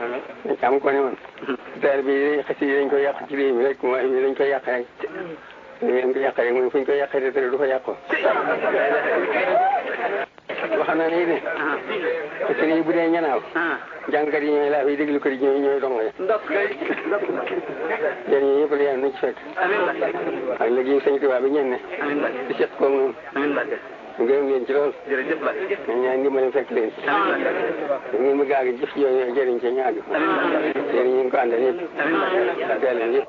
dañ ko am ko ne woon. daal bi xas yi dañ ko yàq ci réew mi rek mooy mi dañ ko yàq rek. Mm. mi dañ ko yàq rek mooy fu ñu ko yàqee te du fa yàqu. naa ne yéen bu dee ñanaaw. Ah. jàngkat yi ñooy laafee déglu kër yi ñooy ñooy dong rek. jërëjëf yëpp la yàlla nañ ci fekk. ak léegi sëñ Tuubaa bi ñenn. di seq koog noonu. gërëm leen ci lool. jërëjëf la. ñaan ñaan ngi ma leen fekk leen. ngeen ma gaaw a jëf jooju jëriñ ca ñaar. yéen ñu ngi ko àndal yëpp.